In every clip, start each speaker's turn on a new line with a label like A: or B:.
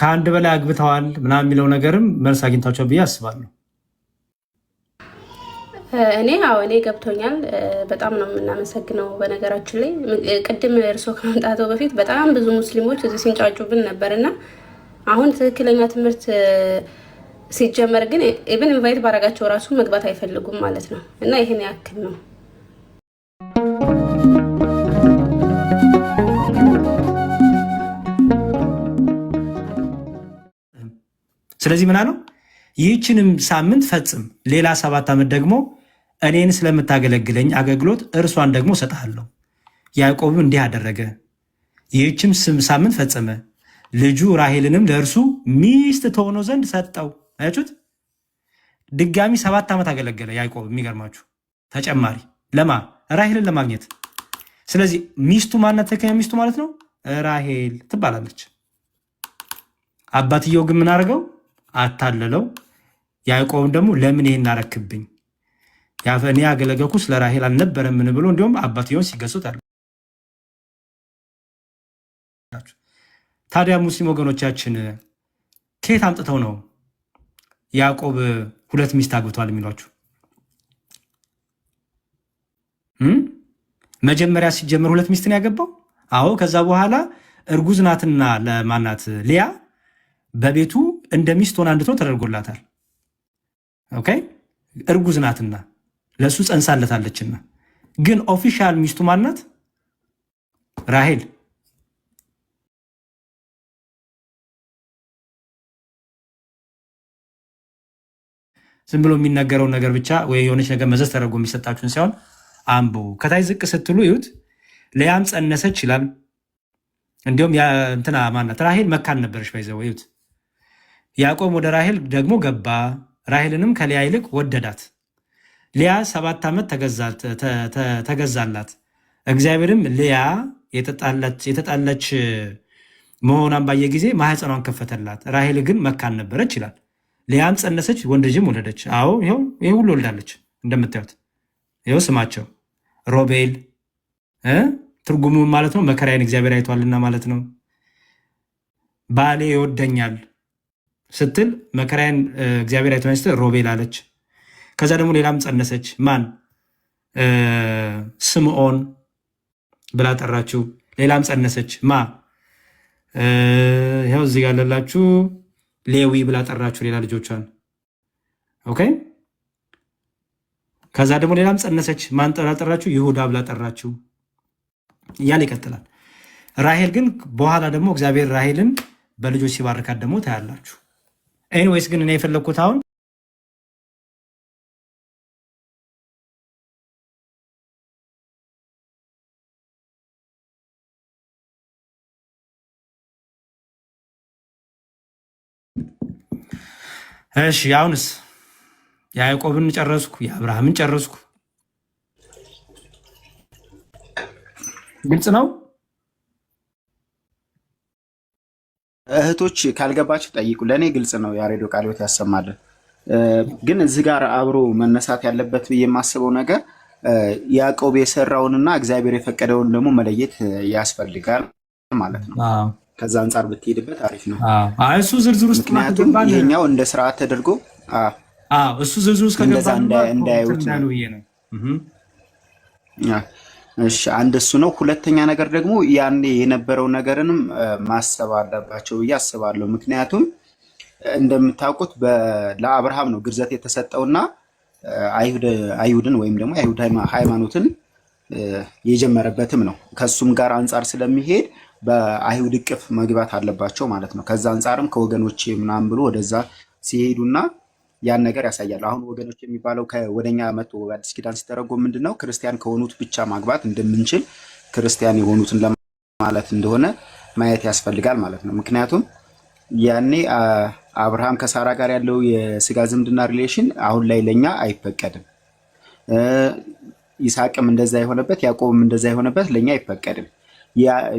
A: ከአንድ በላይ አግብተዋል ምናምን የሚለው ነገርም መልስ አግኝታቸው ብዬ አስባለሁ።
B: እኔ አዎ እኔ ገብቶኛል። በጣም ነው የምናመሰግነው። በነገራችን ላይ ቅድም እርሶ ከመምጣተው በፊት በጣም ብዙ ሙስሊሞች እዚህ ሲንጫጩብን ነበር እና አሁን ትክክለኛ ትምህርት ሲጀመር ግን ኢቨን ኢንቫይት ባረጋቸው ራሱ መግባት አይፈልጉም ማለት ነው እና ይህን ያክል ነው።
A: ስለዚህ ምን አለው? ይህችንም ሳምንት ፈጽም፣ ሌላ ሰባት ዓመት ደግሞ እኔን ስለምታገለግለኝ አገልግሎት እርሷን ደግሞ እሰጥሃለሁ። ያዕቆብም እንዲህ አደረገ፣ ይህችም ስም ሳምንት ፈጸመ። ልጁ ራሄልንም ለእርሱ ሚስት ተሆኖ ዘንድ ሰጠው። አያችሁት? ድጋሚ ሰባት ዓመት አገለገለ ያዕቆብ። የሚገርማችሁ ተጨማሪ ለማ ራሄልን ለማግኘት ስለዚህ ሚስቱ ማናት? ትክክለኛ ሚስቱ ማለት ነው ራሄል ትባላለች። አባትየው ግን ምን አደረገው? አታለለው። ያዕቆብም ደግሞ ለምን ይህን አረክብኝ? እኔ ያገለገልኩ ስለ ራሄል አልነበረምን ብሎ እንዲሁም አባትየውን ሲገሱት አለ። ታዲያ ሙስሊም ወገኖቻችን ከየት አምጥተው ነው ያዕቆብ ሁለት ሚስት አግብቷል የሚሏችሁ? መጀመሪያ ሲጀመር ሁለት ሚስትን ያገባው አዎ። ከዛ በኋላ እርጉዝ ናትና ለማናት ሊያ በቤቱ እንደ ሚስት ሆና አንድቶ ተደርጎላታል። ኦኬ እርጉዝ ናትና ለእሱ ጸንሳለታለችና፣ ግን ኦፊሻል ሚስቱ ማናት? ራሄል ዝም ብሎ የሚነገረውን ነገር ብቻ ወይ የሆነች ነገር መዘዝ ተደርጎ የሚሰጣችሁን ሳይሆን አንቡ። ከታይ ዝቅ ስትሉ ይሁት ለያም ጸነሰች ይላል። እንዲሁም እንትና ማናት ራሄል መካን ነበረች። ባይዘው ይሁት ያዕቆብ ወደ ራሄል ደግሞ ገባ፣ ራሄልንም ከሊያ ይልቅ ወደዳት። ሊያ ሰባት ዓመት ተገዛላት። እግዚአብሔርም ሊያ የተጣለች መሆኗን ባየ ጊዜ ማህፀኗን ከፈተላት። ራሄል ግን መካን ነበረች ይላል። ሊያም ጸነሰች፣ ወንድ ልጅም ወለደች። አዎ ይኸው ይህ ሁሉ ወልዳለች። እንደምታዩት ይኸው ስማቸው ሮቤል ትርጉሙ ማለት ነው መከራዬን እግዚአብሔር አይቷልና ማለት ነው። ባሌ ይወደኛል ስትል መከራዬን እግዚአብሔር አይቶ ስትል ሮቤል አለች። ከዛ ደግሞ ሌላም ጸነሰች። ማን ስምዖን ብላ ጠራችው። ሌላም ጸነሰች። ማ ይኸው እዚህ ጋር ሌዊ ብላ ጠራችሁ ሌላ ልጆቿን። ኦኬ ከዛ ደግሞ ሌላም ጸነሰች። ማን ጠራ ጠራችሁ? ይሁዳ ብላ ጠራችሁ እያለ ይቀጥላል። ራሄል ግን በኋላ ደግሞ እግዚአብሔር ራሄልን በልጆች ሲባርካት ደግሞ ታያላችሁ። ኤኒዌይስ ግን እኔ የፈለግኩት አሁን እሺ አሁንስ የያዕቆብን ጨረስኩ፣ የአብርሃምን ጨረስኩ። ግልጽ ነው።
C: እህቶች ካልገባችሁ ጠይቁ። ለእኔ ግልጽ ነው። ያሬዶ ቃለ ሕይወት ያሰማልን። ግን እዚህ ጋር አብሮ መነሳት ያለበት ብዬ የማስበው ነገር ያዕቆብ የሰራውንና እግዚአብሔር የፈቀደውን ደግሞ መለየት ያስፈልጋል ማለት ነው። ከዛ አንጻር ብትሄድበት አሪፍ ነው።
A: እሱ ዝርዝር ውስጥ ምክንያቱም ይሄኛው
C: እንደ ስርዓት ተደርጎ
A: እሱ ዝርዝር ውስጥ ከገባ እንዳያዩት
C: ነው። እሺ አንድ እሱ ነው። ሁለተኛ ነገር ደግሞ ያኔ የነበረው ነገርንም ማሰብ አለባቸው ብዬ አስባለሁ። ምክንያቱም እንደምታውቁት ለአብርሃም ነው ግርዘት የተሰጠውና አይሁድን ወይም ደግሞ አይሁድ ሃይማኖትን የጀመረበትም ነው። ከሱም ጋር አንጻር ስለሚሄድ በአይሁድ እቅፍ መግባት አለባቸው ማለት ነው። ከዛ አንጻርም ከወገኖች ምናምን ብሎ ወደዛ ሲሄዱና ያን ነገር ያሳያል። አሁን ወገኖች የሚባለው ወደኛ መቶ አዲስ ኪዳን ሲተረጎም ምንድን ነው ክርስቲያን ከሆኑት ብቻ ማግባት እንደምንችል ክርስቲያን የሆኑትን ለማለት እንደሆነ ማየት ያስፈልጋል ማለት ነው። ምክንያቱም ያኔ አብርሃም ከሳራ ጋር ያለው የስጋ ዝምድና ሪሌሽን አሁን ላይ ለኛ አይፈቀድም። ይስሐቅም እንደዛ የሆነበት ያዕቆብም እንደዛ የሆነበት ለኛ አይፈቀድም።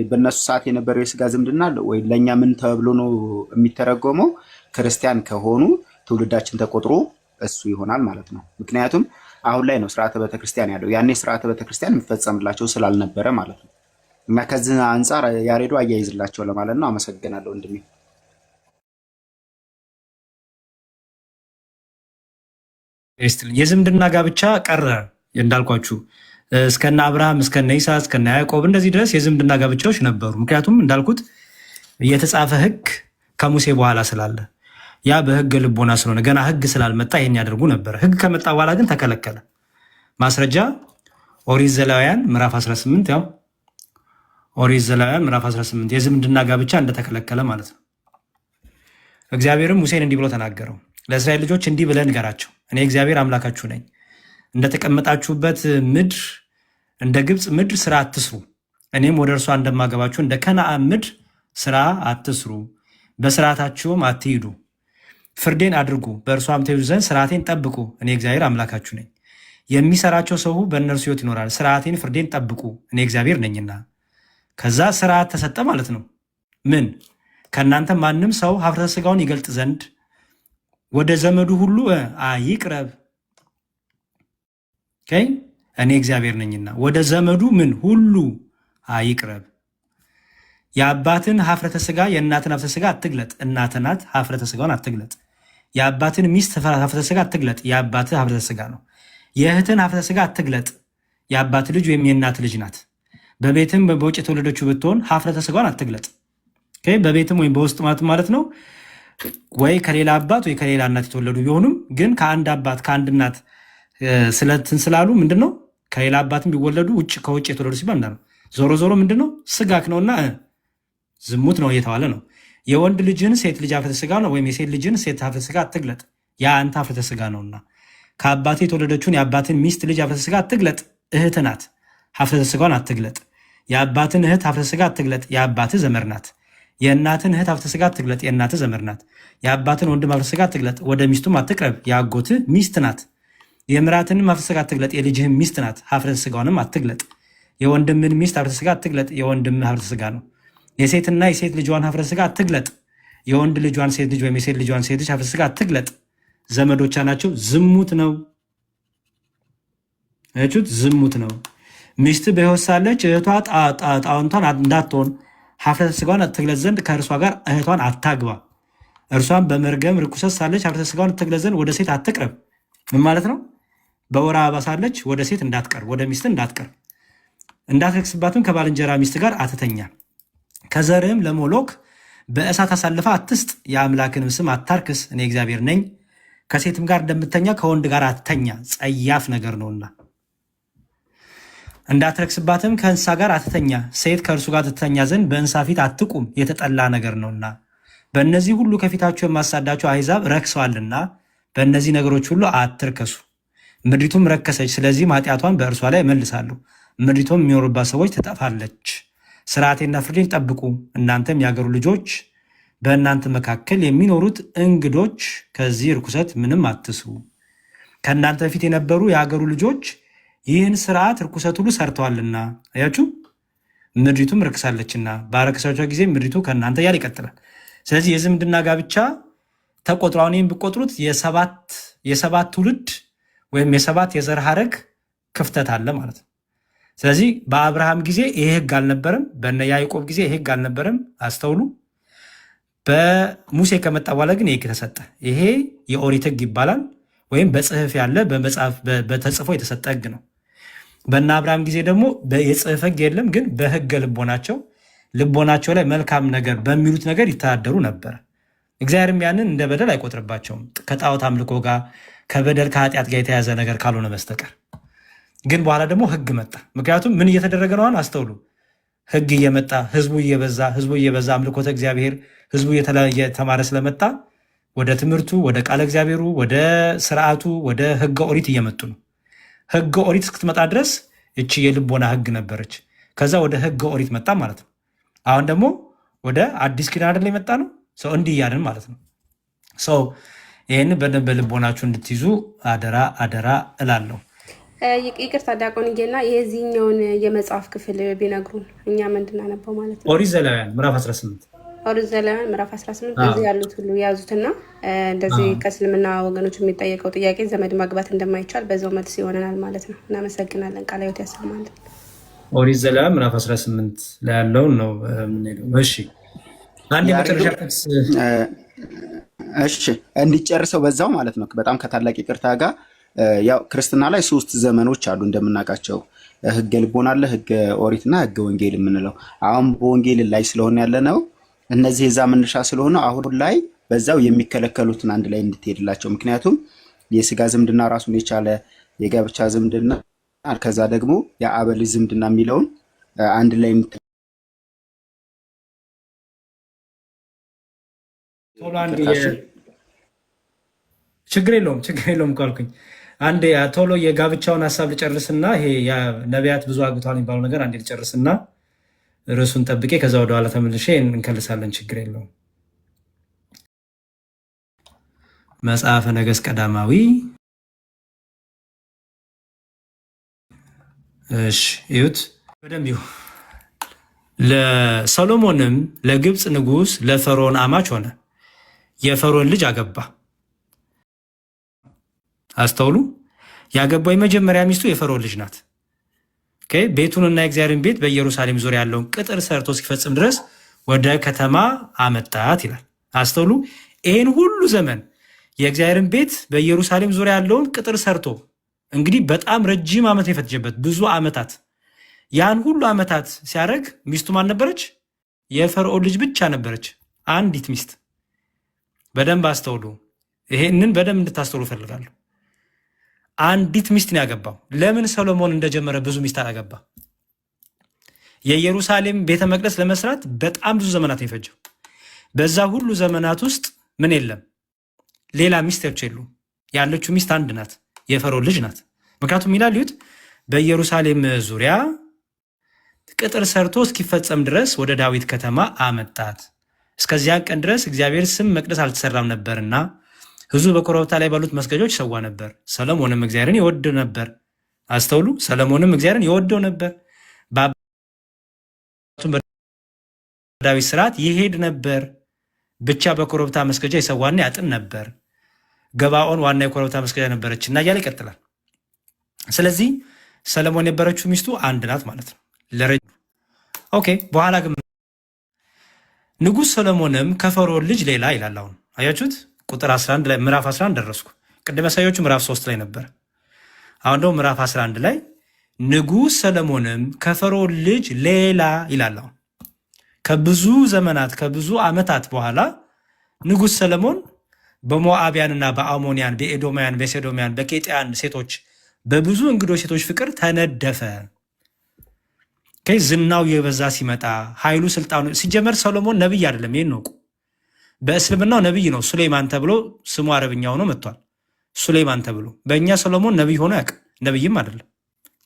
C: በእነሱ ሰዓት የነበረው የስጋ ዝምድና ወይ ለእኛ ምን ተብሎ ነው የሚተረጎመው? ክርስቲያን ከሆኑ ትውልዳችን ተቆጥሮ እሱ ይሆናል ማለት ነው። ምክንያቱም አሁን ላይ ነው ስርዓተ ቤተክርስቲያን ያለው፣ ያኔ ስርዓተ ቤተክርስቲያን የሚፈጸምላቸው ስላልነበረ ማለት ነው። እና ከዚህ አንጻር ያሬዶ አያይዝላቸው ለማለት ነው። አመሰግናለሁ ወንድሜ።
A: የዝምድና ጋብቻ ቀረ እንዳልኳችሁ እስከነ አብርሃም እስከነ ይሳ እስከነ ያዕቆብ እንደዚህ ድረስ የዝምድና ጋብቻዎች ነበሩ። ምክንያቱም እንዳልኩት የተጻፈ ሕግ ከሙሴ በኋላ ስላለ ያ በህገ ልቦና ስለሆነ ገና ህግ ስላልመጣ ይሄን ያደርጉ ነበር። ህግ ከመጣ በኋላ ግን ተከለከለ። ማስረጃ ኦሪት ዘሌዋውያን ምዕራፍ 18 ያው ኦሪት ዘሌዋውያን ምዕራፍ 18 የዝምድና ጋብቻ እንደተከለከለ ማለት ነው። እግዚአብሔርም ሙሴን እንዲህ ብሎ ተናገረው፣ ለእስራኤል ልጆች እንዲህ ብለህ ንገራቸው፣ እኔ እግዚአብሔር አምላካችሁ ነኝ። እንደተቀመጣችሁበት ምድር እንደ ግብፅ ምድር ስራ አትስሩ። እኔም ወደ እርሷ እንደማገባችሁ እንደ ከነአን ምድር ስራ አትስሩ፣ በስርዓታችሁም አትሂዱ ፍርዴን አድርጉ፣ በእርሷም ተይዙ ዘንድ ስርዓቴን ጠብቁ፣ እኔ እግዚአብሔር አምላካችሁ ነኝ። የሚሰራቸው ሰው በእነርሱ ህይወት ይኖራል። ስርዓቴን ፍርዴን ጠብቁ፣ እኔ እግዚአብሔር ነኝና። ከዛ ስርዓት ተሰጠ ማለት ነው። ምን ከእናንተ ማንም ሰው ሀብረተ ስጋውን ይገልጥ ዘንድ ወደ ዘመዱ ሁሉ አይቅረብ፣ እኔ እግዚአብሔር ነኝና። ወደ ዘመዱ ምን ሁሉ አይቅረብ። የአባትን ሀፍረተ ስጋ የእናትን ሀፍረተ ስጋ አትግለጥ። እናትናት ሀፍረተ ስጋውን አትግለጥ። የአባትን ሚስት ሀፍረተ ስጋ አትግለጥ፣ የአባት ሀፍረተ ስጋ ነው። የእህትን ሀፍረተ ስጋ አትግለጥ፣ የአባት ልጅ ወይም የእናት ልጅ ናት። በቤትም በውጭ የተወለደችው ብትሆን ሀፍረተ ስጋዋን አትግለጥ። በቤትም ወይም በውስጥ ማለት ማለት ነው ወይ ከሌላ አባት ወይ ከሌላ እናት የተወለዱ ቢሆኑም ግን ከአንድ አባት ከአንድ እናት ስለትን ስላሉ ምንድን ነው ከሌላ አባትም ቢወለዱ ውጭ ከውጭ የተወለዱ ሲባል ነው። ዞሮ ዞሮ ምንድን ነው ስጋክ ነውና ዝሙት ነው እየተባለ ነው። የወንድ ልጅን ሴት ልጅ ሀፍረተ ስጋ ነው ወይም የሴት ልጅን ሴት ሀፍረተ ስጋ አትግለጥ፣ ያ አንተ ሀፍረተ ስጋ ነውና። ከአባቴ የተወለደችውን የአባትን ሚስት ልጅ ሀፍረተ ስጋ አትግለጥ፣ እህት ናት፣ ሀፍረተ ስጋን አትግለጥ። የአባትን እህት ሀፍረተ ስጋ አትግለጥ፣ የአባት ዘመር ናት። የእናትን እህት ሀፍረተ ስጋ አትግለጥ፣ የእናት ዘመር ናት። የአባትን ወንድም ሀፍረተ ስጋ አትግለጥ፣ ወደ ሚስቱም አትቅረብ፣ የአጎትህ ሚስት ናት። የምራትንም ሀፍረተ ስጋ አትግለጥ፣ የልጅህም ሚስት ናት፣ ሀፍረተ ስጋንም አትግለጥ። የወንድምን ሚስት ሀፍረተ ስጋ አትግለጥ፣ የወንድም ሀፍረተ ስጋ ነው። የሴትና የሴት ልጇን ሀፍረ አትግለጥ። የወንድ ልጇን ሴት ልጅ ወይም የሴት ልጇን ሴት ልጅ ሀፍረ አትግለጥ። ዘመዶቻ ናቸው። ዝሙት ነው። እቹት ዝሙት ነው። ሚስት በሕይወት ሳለች እህቷ ጣውንቷን እንዳትሆን ሀፍረተ ስጋዋን አትግለጽ ዘንድ ከእርሷ ጋር እህቷን አታግባ። እርሷን በመርገም ርኩሰት ሳለች ሀፍረተ ስጋዋን አትግለጽ ዘንድ ወደ ሴት አትቅረብ። ምን ማለት ነው? በወር አበባ ሳለች ወደ ሴት እንዳትቀርብ፣ ወደ ሚስት እንዳትቀርብ፣ እንዳትረክስባትም ከባልንጀራ ሚስት ጋር አትተኛ። ከዘርህም ለሞሎክ በእሳት አሳልፈ አትስጥ፣ የአምላክንም ስም አታርክስ፣ እኔ እግዚአብሔር ነኝ። ከሴትም ጋር እንደምተኛ ከወንድ ጋር አትተኛ፣ ጸያፍ ነገር ነውና። እንዳትረክስባትም ከእንስሳ ጋር አትተኛ፣ ሴት ከእርሱ ጋር ትተኛ ዘንድ በእንስሳ ፊት አትቁም፣ የተጠላ ነገር ነውና። በእነዚህ ሁሉ ከፊታችሁ የማሳዳቸው አሕዛብ ረክሰዋልና፣ በእነዚህ ነገሮች ሁሉ አትርከሱ። ምድሪቱም ረከሰች፣ ስለዚህም ኃጢአቷን በእርሷ ላይ እመልሳለሁ፣ ምድሪቱም የሚኖሩባት ሰዎች ትጠፋለች። ስርዓቴና ፍርዴን ጠብቁ፣ እናንተም የአገሩ ልጆች፣ በእናንተ መካከል የሚኖሩት እንግዶች ከዚህ ርኩሰት ምንም አትስሩ። ከእናንተ በፊት የነበሩ የአገሩ ልጆች ይህን ስርዓት ርኩሰት ሁሉ ሰርተዋልና፣ አያችሁ ምድሪቱም ርክሳለችና፣ ባረከሳቿ ጊዜ ምድሪቱ ከእናንተ ያል ይቀጥላል። ስለዚህ የዝምድና ጋብቻ ተቆጥሮ አሁን ይህም ብቆጥሩት የሰባት ትውልድ ወይም የሰባት የዘር ሐረግ ክፍተት አለ ማለት ነው። ስለዚህ በአብርሃም ጊዜ ይሄ ህግ አልነበረም፣ በነ ያዕቆብ ጊዜ ይሄ ህግ አልነበረም። አስተውሉ። በሙሴ ከመጣ በኋላ ግን ይህ ተሰጠ። ይሄ የኦሪት ህግ ይባላል፣ ወይም በጽህፍ ያለ በመጽሐፍ በተጽፎ የተሰጠ ህግ ነው። በነ አብርሃም ጊዜ ደግሞ የጽህፍ ህግ የለም፣ ግን በህገ ልቦናቸው ልቦናቸው ላይ መልካም ነገር በሚሉት ነገር ይተዳደሩ ነበር። እግዚአብሔርም ያንን እንደ በደል አይቆጥርባቸውም ከጣዖት አምልኮ ጋር ከበደል ከኃጢአት ጋር የተያዘ ነገር ካልሆነ በስተቀር ግን በኋላ ደግሞ ህግ መጣ። ምክንያቱም ምን እየተደረገ ነው? አስተውሉ። ህግ እየመጣ ህዝቡ እየበዛ ህዝቡ እየበዛ አምልኮተ እግዚአብሔር ህዝቡ እየተማረ ስለመጣ ወደ ትምህርቱ፣ ወደ ቃለ እግዚአብሔሩ፣ ወደ ስርዓቱ፣ ወደ ህገ ኦሪት እየመጡ ነው። ህገ ኦሪት እስክትመጣ ድረስ እቺ የልቦና ህግ ነበረች። ከዛ ወደ ህገ ኦሪት መጣ ማለት ነው። አሁን ደግሞ ወደ አዲስ ኪዳን አይደል የመጣ ነው። ሰው እንዲህ እያልን ማለት ነው። ሰው ይህን በደንብ በልቦናችሁ እንድትይዙ አደራ አደራ እላለሁ።
B: ይቅርታ ዲያቆንዬና የዚህኛውን የመጽሐፍ ክፍል ቢነግሩን እኛ
A: ምንድናነበው ማለት ነው። ኦሪት ዘሌዋውያን ምዕራፍ 18
B: ኦሪት ዘሌዋውያን ምዕራፍ 18 እዚህ ያሉት ሁሉ የያዙትና እንደዚህ ከእስልምና ወገኖች የሚጠየቀው ጥያቄ ዘመድ ማግባት እንደማይቻል በዛው መልስ ይሆነናል ማለት ነው። እናመሰግናለን። ቃለ ሕይወት ያሰማለን።
A: ኦሪት ዘሌዋውያን ምዕራፍ 18 ላይ ያለውን ነው የምንሄደው። እሺ አንድ የመጨረሻ ጥቅስ
C: እሺ እንዲጨርሰው በዛው ማለት ነው። በጣም ከታላቅ ይቅርታ ጋር ያው ክርስትና ላይ ሶስት ዘመኖች አሉ እንደምናውቃቸው ህገ ልቦና አለ፣ ህገ ኦሪትና ህገ ወንጌል የምንለው አሁን በወንጌል ላይ ስለሆነ ያለ ነው። እነዚህ የዛ መነሻ ስለሆነ አሁን ላይ በዛው የሚከለከሉትን አንድ ላይ እንድትሄድላቸው ምክንያቱም የስጋ ዝምድና ራሱን የቻለ የጋብቻ ዝምድና ከዛ ደግሞ የአበል ዝምድና የሚለውን አንድ ላይ
A: ችግር የለውም ችግር የለውም ካልኩኝ አንድ ቶሎ የጋብቻውን ሀሳብ ልጨርስና ይሄ ነቢያት ብዙ አግብተዋል የሚባለው ነገር አንድ ልጨርስና ርዕሱን ጠብቄ ከዛ ወደኋላ ተመልሼ እንከልሳለን። ችግር የለውም። መጽሐፈ ነገሥት ቀዳማዊ እሺ፣ በደንብ ይሁ ለሰሎሞንም ለግብፅ ንጉሥ ለፈርዖን አማች ሆነ፣ የፈርዖን ልጅ አገባ። አስተውሉ። ያገባው የመጀመሪያ ሚስቱ የፈርዖን ልጅ ናት። ቤቱንና የእግዚአብሔርን ቤት በኢየሩሳሌም ዙሪያ ያለውን ቅጥር ሰርቶ እስኪፈጽም ድረስ ወደ ከተማ አመጣት ይላል። አስተውሉ። ይህን ሁሉ ዘመን የእግዚአብሔርን ቤት በኢየሩሳሌም ዙሪያ ያለውን ቅጥር ሰርቶ እንግዲህ በጣም ረጅም ዓመት የፈጀበት ብዙ ዓመታት ያን ሁሉ ዓመታት ሲያደርግ ሚስቱ ማን ነበረች? የፈርዖን ልጅ ብቻ ነበረች፣ አንዲት ሚስት። በደንብ አስተውሉ። ይህንን በደንብ እንድታስተውሉ እፈልጋለሁ። አንዲት ሚስት ነው ያገባው። ለምን ሰሎሞን እንደጀመረ ብዙ ሚስት አላገባ? የኢየሩሳሌም ቤተ መቅደስ ለመስራት በጣም ብዙ ዘመናት ነው የፈጀው። በዛ ሁሉ ዘመናት ውስጥ ምን የለም፣ ሌላ ሚስቶች የሉ። ያለችው ሚስት አንድ ናት፣ የፈሮ ልጅ ናት። ምክንያቱም ይላል ይሁት በኢየሩሳሌም ዙሪያ ቅጥር ሰርቶ እስኪፈጸም ድረስ ወደ ዳዊት ከተማ አመጣት። እስከዚያ ቀን ድረስ እግዚአብሔር ስም መቅደስ አልተሰራም ነበርና ሕዝቡ በኮረብታ ላይ ባሉት መስገጃዎች ይሰዋ ነበር። ሰለሞንም እግዚአብሔርን ይወድ ነበር። አስተውሉ። ሰለሞንም እግዚአብሔርን ይወደው ነበር፣ በአባቱም በዳዊት ስርዓት ይሄድ ነበር። ብቻ በኮረብታ መስገጃ ይሰዋና ያጥን ነበር። ገባኦን ዋና የኮረብታ መስገጃ ነበረች እና እያለ ይቀጥላል። ስለዚህ ሰለሞን የነበረችው ሚስቱ አንድ ናት ማለት ነው። ኦኬ። በኋላ ግን ንጉሥ ሰለሞንም ከፈርዖን ልጅ ሌላ ይላል። አሁን አያችሁት? ቁጥር 11 ላይ ምዕራፍ 11 ደረስኩ። ቅድመ ሳዮቹ ምዕራፍ 3 ላይ ነበር። አሁን ደግሞ ምዕራፍ 11 ላይ ንጉሥ ሰለሞንም ከፈርዖን ልጅ ሌላ ይላል። አሁን ከብዙ ዘመናት ከብዙ ዓመታት በኋላ ንጉሥ ሰለሞን በሞአቢያንና በአሞንያን በኤዶማያን በሴዶሚያን በኬጥያን ሴቶች በብዙ እንግዶች ሴቶች ፍቅር ተነደፈ። ዝናው የበዛ ሲመጣ ኃይሉ ስልጣኑ ሲጀመር ሰሎሞን ነቢይ አይደለም። ይህን እወቁ። በእስልምናው ነቢይ ነው ሱሌይማን ተብሎ ስሙ አረብኛ ሆኖ መጥቷል። ሱሌይማን ተብሎ በእኛ ሰሎሞን ነቢይ ሆኖ ያውቅ ነቢይም አይደለም።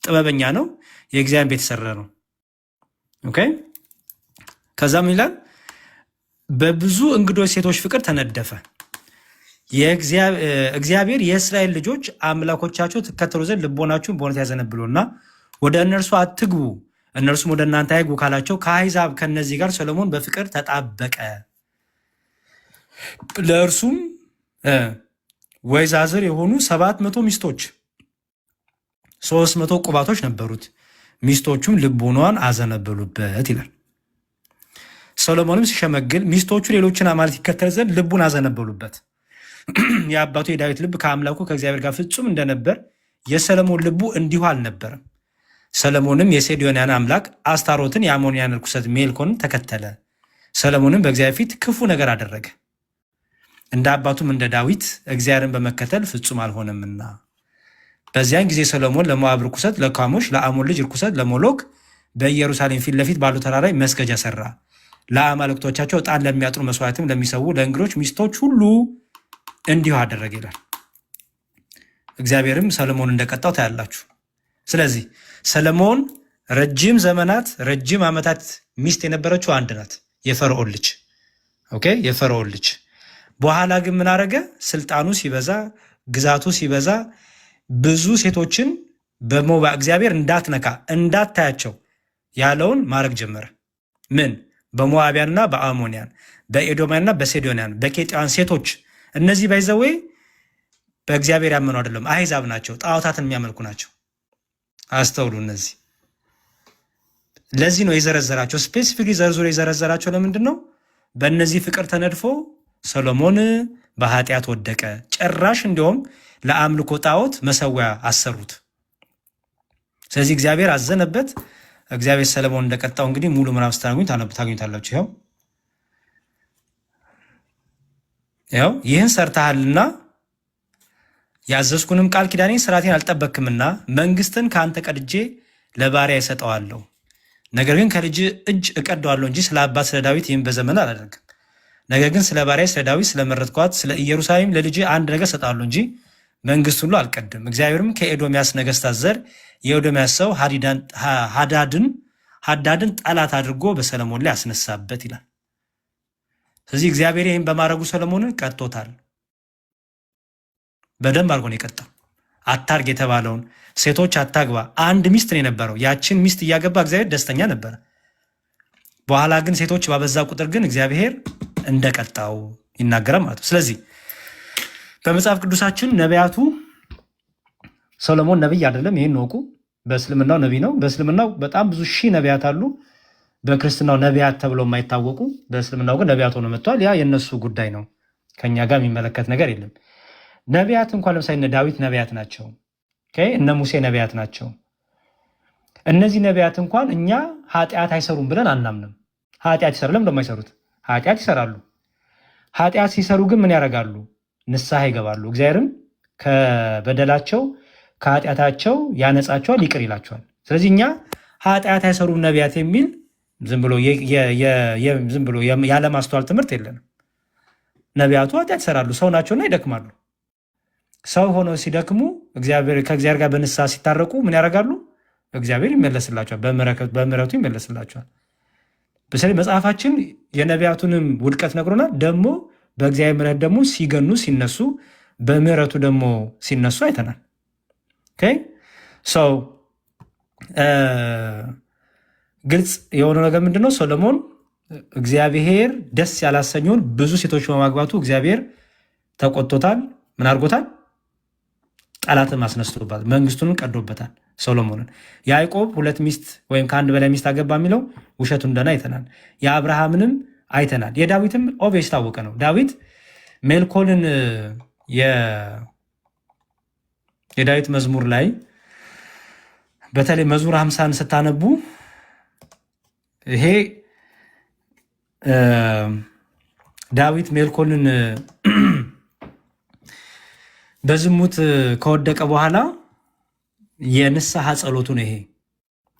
A: ጥበበኛ ነው። የእግዚአብሔር ቤት የሰራ ነው። ከዛም ይላል በብዙ እንግዶች ሴቶች ፍቅር ተነደፈ። እግዚአብሔር የእስራኤል ልጆች አምላኮቻቸው ትከተሉ ዘንድ ልቦናችሁን በእውነት ያዘነብሉና ወደ እነርሱ አትግቡ እነርሱም ወደ እናንተ አይግቡ ካላቸው ከአሕዛብ ከእነዚህ ጋር ሰሎሞን በፍቅር ተጣበቀ። ለእርሱም ወይዛዝር የሆኑ ሰባት መቶ ሚስቶች ሶስት መቶ ቁባቶች ነበሩት። ሚስቶቹም ልቡኗን አዘነበሉበት ይላል። ሰሎሞንም ሲሸመግል ሚስቶቹ ሌሎችን አማልክት ይከተል ዘንድ ልቡን አዘነበሉበት። የአባቱ የዳዊት ልብ ከአምላኩ ከእግዚአብሔር ጋር ፍጹም እንደነበር የሰለሞን ልቡ እንዲሁ አልነበረም። ሰለሞንም የሴዶንያን አምላክ አስታሮትን፣ የአሞንያን ርኩሰት ሜልኮንን ተከተለ። ሰለሞንም በእግዚአብሔር ፊት ክፉ ነገር አደረገ። እንደ አባቱም እንደ ዳዊት እግዚአብሔርን በመከተል ፍጹም አልሆነምና። በዚያን ጊዜ ሰሎሞን ለሞዓብ ርኩሰት፣ ለካሞሽ ለአሞን ልጅ ርኩሰት፣ ለሞሎክ በኢየሩሳሌም ፊት ለፊት ባሉ ተራራ ላይ መስገጃ ሰራ። ለአማልክቶቻቸው ዕጣን ለሚያጥኑ መስዋዕትም ለሚሰዉ ለእንግዶች ሚስቶች ሁሉ እንዲሁ አደረገ ይላል። እግዚአብሔርም ሰሎሞን እንደቀጣው ታያላችሁ። ስለዚህ ሰለሞን ረጅም ዘመናት ረጅም ዓመታት ሚስት የነበረችው አንድ ናት፣ የፈርዖን ልጅ ኦኬ፣ የፈርዖን ልጅ በኋላ ግን ምን አረገ? ስልጣኑ ሲበዛ ግዛቱ ሲበዛ ብዙ ሴቶችን በሞባ እግዚአብሔር እንዳትነካ እንዳታያቸው ያለውን ማድረግ ጀመረ። ምን በሞዓቢያንና በአሞንያን በኤዶማያንና በሴዶንያን በኬጥያን ሴቶች እነዚህ ባይዘዌ በእግዚአብሔር ያመኑ አይደለም፣ አሕዛብ ናቸው፣ ጣዖታትን የሚያመልኩ ናቸው። አስተውሉ። እነዚህ ለዚህ ነው የዘረዘራቸው፣ ስፔሲፊክ ዘርዝሮ የዘረዘራቸው ለምንድን ነው? በእነዚህ ፍቅር ተነድፎ ሰሎሞን በኃጢአት ወደቀ። ጭራሽ እንዲሁም ለአምልኮ ጣዖት መሰዊያ አሰሩት። ስለዚህ እግዚአብሔር አዘነበት። እግዚአብሔር ሰለሞን እንደቀጣው እንግዲህ ሙሉ ምዕራፍ ስታገኙ ታገኙታላችሁ። ይኸው ይኸው ይህን ሰርተሃልና ያዘዝኩንም ቃል ኪዳኔን ስርዓቴን አልጠበክምና መንግስትን ከአንተ ቀድጄ ለባሪያ ይሰጠዋለሁ። ነገር ግን ከልጅ እጅ እቀደዋለሁ እንጂ ስለ አባት ስለ ዳዊት ይህም በዘመን አላደርግም። ነገር ግን ስለ ባሪያ ስለ ዳዊት ስለመረጥኳት ስለ ኢየሩሳሌም ለልጅ አንድ ነገር ሰጣሉ እንጂ መንግስት ሁሉ አልቀድም። እግዚአብሔርም ከኤዶምያስ ነገስታት ዘር የኤዶምያስ ሰው ሃዳድን ሃዳድን ጠላት አድርጎ በሰለሞን ላይ አስነሳበት ይላል። ስለዚህ እግዚአብሔር ይህም በማድረጉ ሰለሞን ቀጦታል። በደንብ አድርጎ ነው የቀጠው። አታርግ የተባለውን ሴቶች አታግባ። አንድ ሚስት ነው የነበረው። ያችን ሚስት እያገባ እግዚአብሔር ደስተኛ ነበረ። በኋላ ግን ሴቶች ባበዛ ቁጥር ግን እግዚአብሔር እንደቀጣው ይናገራል ማለት ነው። ስለዚህ በመጽሐፍ ቅዱሳችን ነቢያቱ ሰሎሞን ነቢይ አይደለም፣ ይህን እወቁ። በእስልምናው ነቢይ ነው። በእስልምናው በጣም ብዙ ሺህ ነቢያት አሉ። በክርስትናው ነቢያት ተብለው የማይታወቁ በእስልምናው ግን ነቢያት ሆነው መጥተዋል። ያ የእነሱ ጉዳይ ነው። ከኛ ጋር የሚመለከት ነገር የለም። ነቢያት እንኳን ለምሳሌ እነ ዳዊት ነቢያት ናቸው። እነ ሙሴ ነቢያት ናቸው። እነዚህ ነቢያት እንኳን እኛ ኃጢአት አይሰሩም ብለን አናምንም። ኃጢአት ይሰሩ ለምን እንደማይሰሩት ኃጢአት ይሰራሉ። ኃጢአት ሲሰሩ ግን ምን ያደርጋሉ? ንስሐ ይገባሉ። እግዚአብሔርም ከበደላቸው ከኃጢአታቸው ያነጻቸዋል፣ ይቅር ይላቸዋል። ስለዚህ እኛ ኃጢአት አይሰሩም ነቢያት የሚል ዝም ብሎ ያለማስተዋል ትምህርት የለንም። ነቢያቱ ኃጢአት ይሰራሉ፣ ሰው ናቸውና ይደክማሉ። ሰው ሆነው ሲደክሙ ከእግዚአብሔር ጋር በንስሐ ሲታረቁ ምን ያደርጋሉ? እግዚአብሔር ይመለስላቸዋል፣ በምሕረቱ ይመለስላቸዋል። በተለይ መጽሐፋችን የነቢያቱንም ውድቀት ነግሮናል። ደግሞ በእግዚአብሔር ምሕረት ደግሞ ሲገኑ ሲነሱ፣ በምሕረቱ ደግሞ ሲነሱ አይተናል። ሰው ግልጽ የሆነ ነገር ምንድነው? ሶሎሞን እግዚአብሔር ደስ ያላሰኘውን ብዙ ሴቶች በማግባቱ እግዚአብሔር ተቆጥቶታል። ምን አድርጎታል? ጠላትም አስነስቶበታል። መንግስቱንም ቀዶበታል። ሶሎሞንን ያዕቆብ ሁለት ሚስት ወይም ከአንድ በላይ ሚስት አገባ የሚለው ውሸቱ እንደሆነ አይተናል። የአብርሃምንም አይተናል። የዳዊትም ኦቤስ ታወቀ ነው። ዳዊት ሜልኮልን የዳዊት መዝሙር ላይ በተለይ መዝሙር ሀምሳን ስታነቡ ይሄ ዳዊት ሜልኮልን በዝሙት ከወደቀ በኋላ የንስሐ ጸሎቱ ነው። ይሄ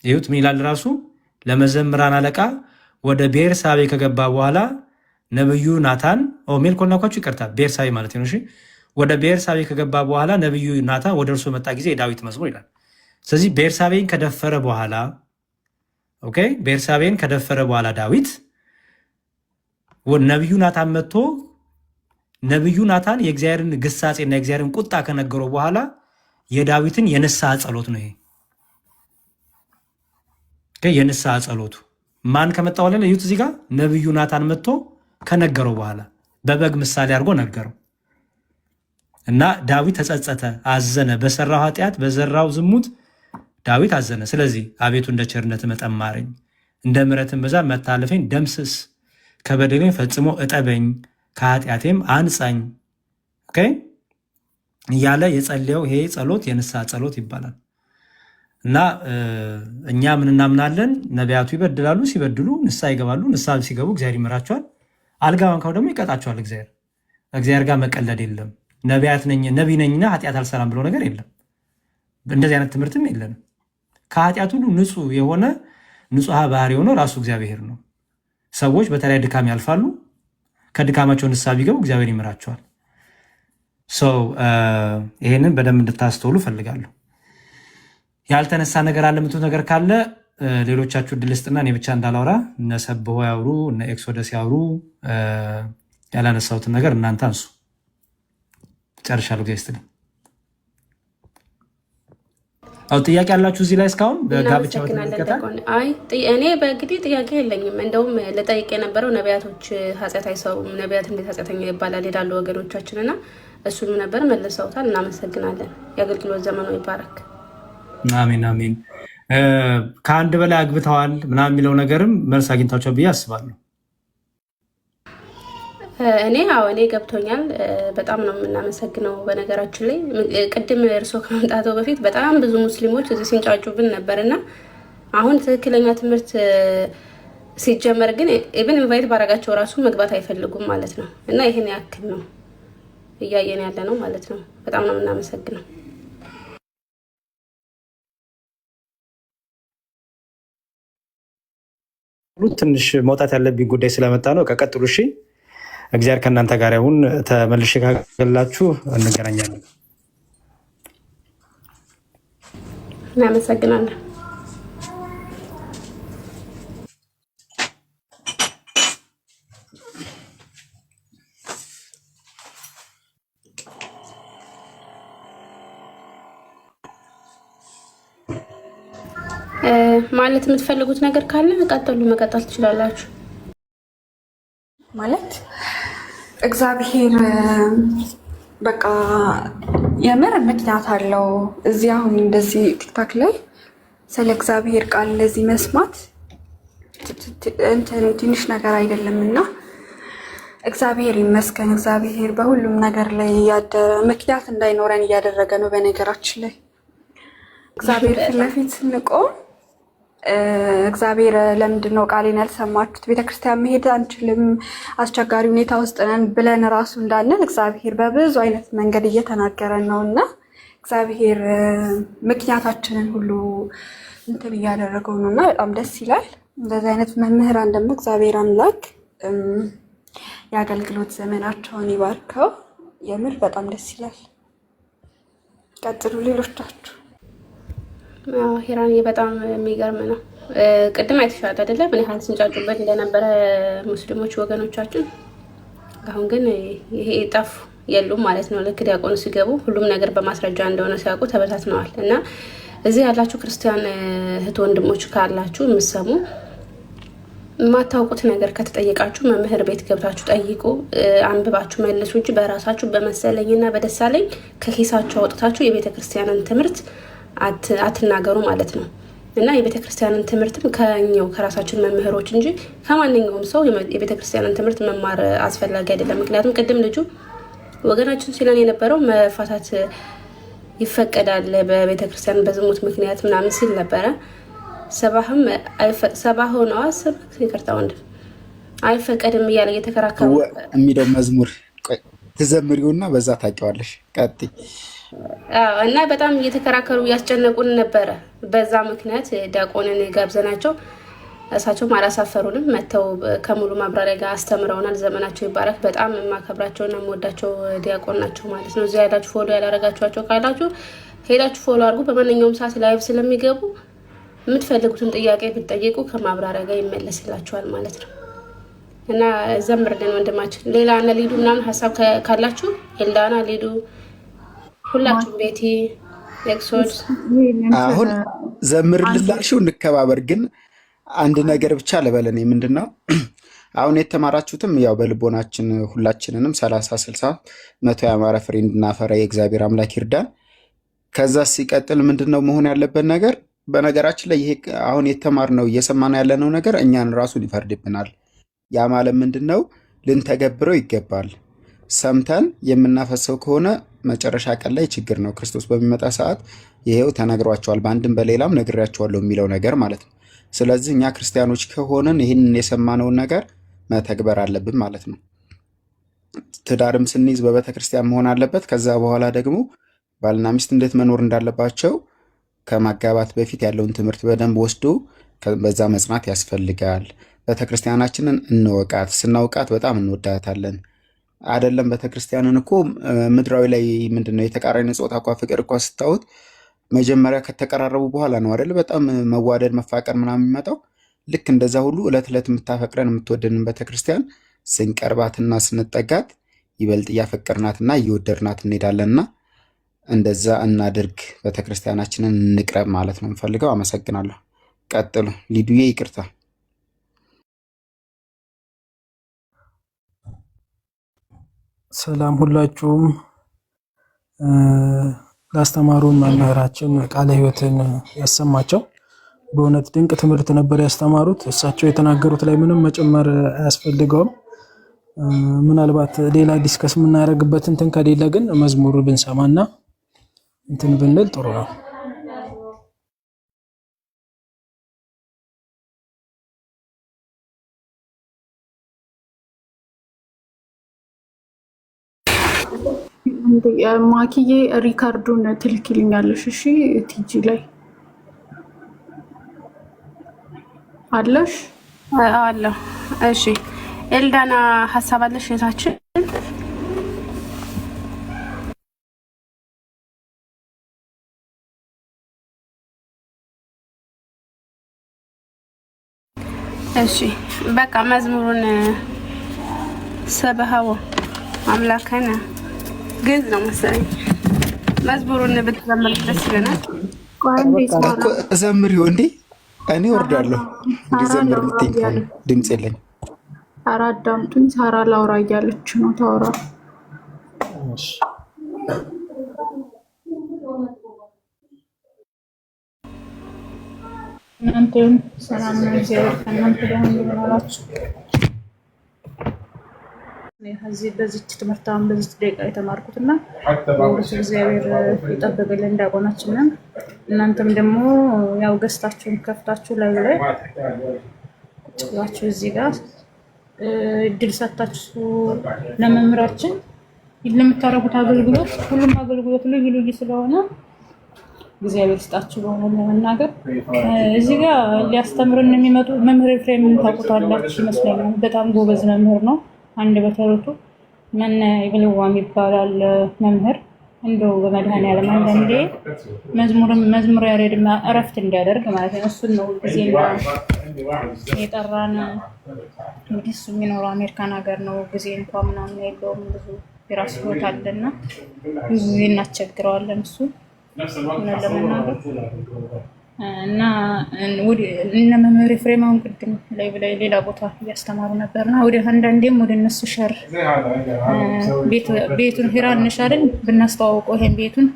A: ይሁት ይላል ራሱ ለመዘምራን አለቃ ወደ ቤርሳቤ ከገባ በኋላ ነብዩ ናታን ሜል ኮልናኳችሁ ይቀርታ ቤርሳቤ ማለት ነው። ወደ ቤርሳቤ ከገባ በኋላ ነብዩ ናታን ወደ እርሱ መጣ ጊዜ የዳዊት መዝሙር ይላል። ስለዚህ ቤርሳቤን ከደፈረ በኋላ ኦኬ፣ ቤርሳቤን ከደፈረ በኋላ ዳዊት ነብዩ ናታን መጥቶ ነብዩ ናታን የእግዚአብሔርን ግሳጼና የእግዚአብሔርን ቁጣ ከነገረው በኋላ የዳዊትን የንስሐ ጸሎት ነው ይሄ የንስሐ ጸሎቱ ማን ከመጣ በኋላ ዩት እዚህ ጋር ነቢዩ ናታን መጥቶ ከነገረው በኋላ በበግ ምሳሌ አድርጎ ነገረው እና ዳዊት ተጸጸተ፣ አዘነ። በሰራው ኃጢአት በዘራው ዝሙት ዳዊት አዘነ። ስለዚህ አቤቱ እንደ ቸርነት መጠን ማረኝ፣ እንደ ምሕረትን ብዛት መታለፌን ደምስስ፣ ከበደሌን ፈጽሞ እጠበኝ፣ ከኃጢአቴም አንጻኝ። ኦኬ እያለ የጸለየው ይሄ ጸሎት የንስሐ ጸሎት ይባላል። እና እኛ ምን እናምናለን? ነቢያቱ ይበድላሉ፣ ሲበድሉ ንስሐ ይገባሉ፣ ንስሐ ሲገቡ እግዚአብሔር ይምራቸዋል፣ አልጋ ካሉ ደግሞ ይቀጣቸዋል። እግዚአብሔር እግዚአብሔር ጋር መቀለድ የለም። ነቢያት ነኝ ነቢይ ነኝና ኃጢአት አልሰራም ብሎ ነገር የለም። እንደዚህ አይነት ትምህርትም የለንም። ከኃጢአት ሁሉ ንጹህ የሆነ ንጹሐ ባህሪ የሆነው ራሱ እግዚአብሔር ነው። ሰዎች በተለያየ ድካም ያልፋሉ። ከድካማቸው ንስሐ ቢገቡ እግዚአብሔር ይምራቸዋል። ሰው uh, ይሄንን በደንብ እንድታስተውሉ ፈልጋለሁ። ያልተነሳ ነገር አለ የምትሉት ነገር ካለ uh, ሌሎቻችሁ ድል ስጥና እኔ ብቻ እንዳላውራ እነ ሰብሆ ያውሩ፣ እነ ኤክሶደስ ያውሩ። uh, ያላነሳሁትን ነገር እናንተ አንሱ። ጨርሻለሁ። ጊዜ ስትልኝ አው ጥያቄ አላችሁ እዚህ ላይ እስካሁን በጋብቻ
B: አይ እኔ በእንግዲህ ጥያቄ የለኝም። እንደውም ለጠይቅ የነበረው ነቢያቶች ኃጢአት አይሰሩም፣ ነቢያት እንዴት ኃጢአተኛ ይባላል ይላሉ ወገኖቻችን እና እሱም ነበር መልሰውታል። እናመሰግናለን። የአገልግሎት ዘመኑ ይባረክ።
A: አሜን አሜን። ከአንድ በላይ አግብተዋል ምናምን የሚለው ነገርም መልስ አግኝታቸው ብዬ አስባለሁ።
B: እኔ አዎ እኔ ገብቶኛል። በጣም ነው የምናመሰግነው። በነገራችን ላይ ቅድም እርሶ ከመምጣተው በፊት በጣም ብዙ ሙስሊሞች እዚህ ሲንጫጩብን ነበር እና አሁን ትክክለኛ ትምህርት ሲጀመር ግን ኢብን ኢንቫይት ባረጋቸው ራሱ መግባት አይፈልጉም ማለት ነው እና ይህን ያክል ነው። እያየን ያለ ነው ማለት ነው። በጣም ነው የምናመሰግነው።
A: ትንሽ መውጣት ያለብኝ ጉዳይ ስለመጣ ነው። ከቀጥሉ እሺ። እግዚአብሔር ከእናንተ ጋር ይሁን። ተመልሼ ካገላችሁ እንገናኛለን።
B: እናመሰግናለን። ማለት የምትፈልጉት ነገር ካለ መቀጠሉ መቀጠል ትችላላችሁ። ማለት እግዚአብሔር በቃ የምር ምክንያት አለው። እዚህ አሁን እንደዚህ ቲክታክ ላይ ስለ እግዚአብሔር ቃል እንደዚህ መስማት ትንሽ ነገር አይደለም እና እግዚአብሔር ይመስገን። እግዚአብሔር በሁሉም ነገር ላይ እያደረ ምክንያት እንዳይኖረን እያደረገ ነው። በነገራችን ላይ እግዚአብሔር ፊት ለፊት ስንቆም እግዚአብሔር ለምንድን ነው ቃሌን ያልሰማችሁት? ቤተክርስቲያን መሄድ አንችልም፣ አስቸጋሪ ሁኔታ ውስጥ ነን ብለን ራሱ እንዳለን እግዚአብሔር በብዙ አይነት መንገድ እየተናገረን ነው እና እግዚአብሔር ምክንያታችንን ሁሉ እንትን እያደረገው ነው እና በጣም ደስ ይላል። እንደዚህ አይነት መምህራን ደግሞ እግዚአብሔር አምላክ የአገልግሎት ዘመናቸውን ይባርከው። የምር በጣም ደስ ይላል። ቀጥሉ ሌሎቻችሁ ሄራን በጣም የሚገርም ነው። ቅድም አይተሻል አይደለ? ምን ያህል ስንጫጩበት እንደነበረ ሙስሊሞች ወገኖቻችን። አሁን ግን ይሄ ጠፉ የሉም ማለት ነው። ልክ ዲያቆኑ ሲገቡ ሁሉም ነገር በማስረጃ እንደሆነ ሲያውቁ ተበታትነዋል። እና እዚህ ያላችሁ ክርስቲያን እህት ወንድሞች ካላችሁ የምሰሙ የማታውቁት ነገር ከተጠየቃችሁ መምህር ቤት ገብታችሁ ጠይቁ፣ አንብባችሁ መልሱ እንጂ በራሳችሁ በመሰለኝና በደሳለኝ ከኪሳችሁ አውጥታችሁ የቤተ ክርስቲያንን ትምህርት አትናገሩ ማለት ነው። እና የቤተ ክርስቲያንን ትምህርትም ከኛው ከራሳችን መምህሮች እንጂ ከማንኛውም ሰው የቤተ ክርስቲያንን ትምህርት መማር አስፈላጊ አይደለም። ምክንያቱም ቅድም ልጁ ወገናችን ሲለን የነበረው መፋታት ይፈቀዳል በቤተ ክርስቲያን በዝሙት ምክንያት ምናምን ሲል ነበረ። ሰባህም ሰባ ሆነዋ ስብ ይቅርታ ወንድም አይፈቀድም እያለ
A: እየተከራከሩ የሚለው መዝሙር ትዘምሪውና በዛ ታውቂዋለሽ ቀጥይ
B: እና በጣም እየተከራከሩ እያስጨነቁን ነበረ። በዛ ምክንያት ዲያቆንን ጋብዘናቸው እሳቸውም አላሳፈሩንም። መጥተው ከሙሉ ማብራሪያ ጋር አስተምረውናል። ዘመናቸው ይባረክ። በጣም የማከብራቸውና የምወዳቸው ዲያቆን ናቸው ማለት ነው። እዚያ ያላችሁ ፎሎ ያላረጋችኋቸው ካላችሁ ሄዳችሁ ፎሎ አድርጉ። በማንኛውም ሰዓት ላይቭ ስለሚገቡ የምትፈልጉትን ጥያቄ ብትጠይቁ ከማብራሪያ ጋር ይመለስላችኋል ማለት ነው። እና ዘምርልን ወንድማችን። ሌላ ነ ሊዱ ምናምን ሀሳብ ካላችሁ ኤልዳና ሊዱ ሁላችሁም ቤቲ
A: አሁን ዘምር እንከባበር። ግን አንድ ነገር ብቻ ልበለን። ምንድን ነው አሁን የተማራችሁትም ያው በልቦናችን ሁላችንንም ሰላሳ ስልሳ መቶ የአማራ ፍሬ እንድናፈራ የእግዚአብሔር አምላክ ይርዳን። ከዛ ሲቀጥል ምንድን ነው መሆን ያለበት ነገር? በነገራችን ላይ ይሄ አሁን የተማርነው እየሰማን ያለነው ነገር እኛን ራሱን ይፈርድብናል። ያ ማለት ምንድን ነው ልንተገብረው ይገባል። ሰምተን የምናፈሰው ከሆነ መጨረሻ ቀን ላይ ችግር ነው። ክርስቶስ በሚመጣ ሰዓት ይሄው ተነግሯቸዋል፣ በአንድም በሌላም ነግሬያቸዋለሁ የሚለው ነገር ማለት ነው። ስለዚህ እኛ ክርስቲያኖች ከሆንን ይህንን የሰማነውን ነገር መተግበር አለብን ማለት ነው። ትዳርም ስንይዝ በቤተ ክርስቲያን መሆን አለበት። ከዛ በኋላ ደግሞ ባልና ሚስት እንዴት መኖር እንዳለባቸው ከማጋባት በፊት ያለውን ትምህርት በደንብ ወስዶ በዛ መጽናት ያስፈልጋል። ቤተክርስቲያናችንን እንወቃት። ስናውቃት በጣም እንወዳታለን። አይደለም ቤተክርስቲያንን እኮ ምድራዊ ላይ ምንድነው የተቃራኒ ጾታ እኳ ፍቅር እኳ ስታዩት መጀመሪያ ከተቀራረቡ በኋላ ነው አይደል? በጣም መዋደድ መፋቀር ምናምን የሚመጣው። ልክ እንደዛ ሁሉ እለት እለት የምታፈቅረን የምትወደንን ቤተክርስቲያን ስንቀርባትና ስንጠጋት ይበልጥ እያፈቀርናትና እየወደድናት እንሄዳለንና እንደዛ እናድርግ፣ ቤተክርስቲያናችንን እንቅረብ ማለት ነው የምፈልገው። አመሰግናለሁ። ቀጥሉ ሊዱዬ። ይቅርታ ሰላም ሁላችሁም ላስተማሩን መምህራችን ቃለ ሕይወትን ያሰማቸው። በእውነት ድንቅ ትምህርት ነበር ያስተማሩት። እሳቸው የተናገሩት ላይ ምንም መጨመር አያስፈልገውም። ምናልባት ሌላ ዲስከስ የምናደርግበት እንትን ከሌለ ግን መዝሙር ብንሰማና እንትን ብንል ጥሩ ነው።
B: ማኪዬ ሪካርዱን ትልኪልኛለሽ? እሺ ቲጂ ላይ አለሽ? አለ። እሺ ኤልዳና ሀሳብ አለሽ? የታችን እሺ በቃ መዝሙሩን ሰብሃው አምላከነ ግዕዝ ነው መሰለኝ። መዝሙሩን ብትዘምር ደስ ይለናል።
A: እንዴ! እኔ ወርዳለሁ። እንዲዘምር ምትኝ ድምፅ የለኝ።
B: አዳምጡኝ። ሳራ ላውራ እያለች ነው ታውራ እናንተም ሰላም ነው። እግዚአብሔር ከእናንተ ጋር ይሁን። በዚች ትምህርት አሁን በዚች ደቂቃ የተማርኩት እና ሱ እግዚአብሔር የጠበቀልን እንዳቆናችንን እናንተም ደግሞ ያው ገዝታችሁን ከፍታችሁ ላዩ ላይ ቁጭ ብላችሁ እዚህ ጋር እድል ሰታችሁ ለመምህራችን ለምታደርጉት አገልግሎት ሁሉም አገልግሎት ልዩ ልዩ ስለሆነ እግዚአብሔር ስጣችሁ። በሆነ ለመናገር እዚህ ጋር ሊያስተምርን የሚመጡ መምህር ፍሬም ታውቁታላችሁ ይመስለኛል። በጣም ጎበዝ መምህር ነው። አንድ በተሮቱ መነ ይብልዋም ይባላል መምህር እንደው በመድኃኒዓለም አንዳንዴ መዝሙርም መዝሙር ያሬድ እረፍት እንዲያደርግ ማለት ነው። እሱን ነው ጊዜ የጠራን። እንግዲህ እሱ የሚኖረው አሜሪካን ሀገር ነው። ጊዜ እንኳ ምናምን የለውም ብዙ የራሱ ህይወት አለና ብዙ ጊዜ እናስቸግረዋለን እሱ ለመናገር እና እነ መምህር ፍሬም አሁን ቅድም ላይ ብላይ ሌላ ቦታ እያስተማሩ ነበር። ነበርና ወደ አንዳንዴም ወደ እነሱ ሸር ቤቱን ሄራ እንሻለን ብናስተዋውቀው ይሄን ቤቱን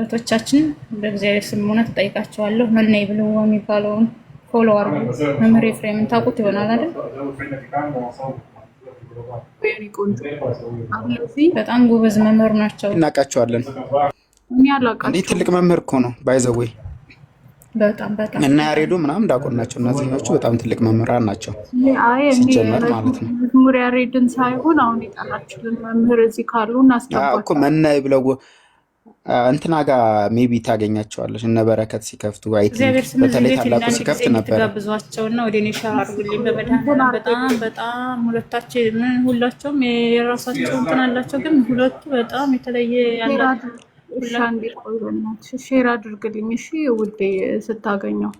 B: እህቶቻችን በእግዚአብሔር ስም ሆነ ተጠይቃቸዋለሁ። መናይ ብሎ የሚባለውን ፎሎ አርጉ። መምህር ፍሬምን ታውቁት ይሆናል አይደል? በጣም ጎበዝ መምህር
A: ናቸው። እናቃቸዋለን። እናውቃቸዋለን። ትልቅ መምህር እኮ ነው ባይዘወይ በጣም በጣም እና ያሬዱ ምናምን ዲያቆን ናቸው። እነዚህኞቹ በጣም ትልቅ መምህራን ናቸው
B: ሲጀመር ማለት ነው። መዝሙር ያሬድን ሳይሆን አሁን የጠራችሁልን መምህር እዚህ ካሉ
A: እናስገባእኮ መናይ ብለው እንትና ጋር ሜቢ ታገኛቸዋለች። እነ በረከት ሲከፍቱ በተለይ ታላቁ ሲከፍት ነበር
B: ጋብዟቸውና ወደ ኔሻ አርጉልኝ በመድኃኒዓለም በጣም በጣም ሁለታቸው ምን ሁላቸውም የራሳቸው እንትን አላቸው፣ ግን ሁለቱ በጣም የተለየ ያላቸው ሻንዲ ቆይ በእናትሽ ሼር አድርግልኝ እሺ ውዴ ስታገኘው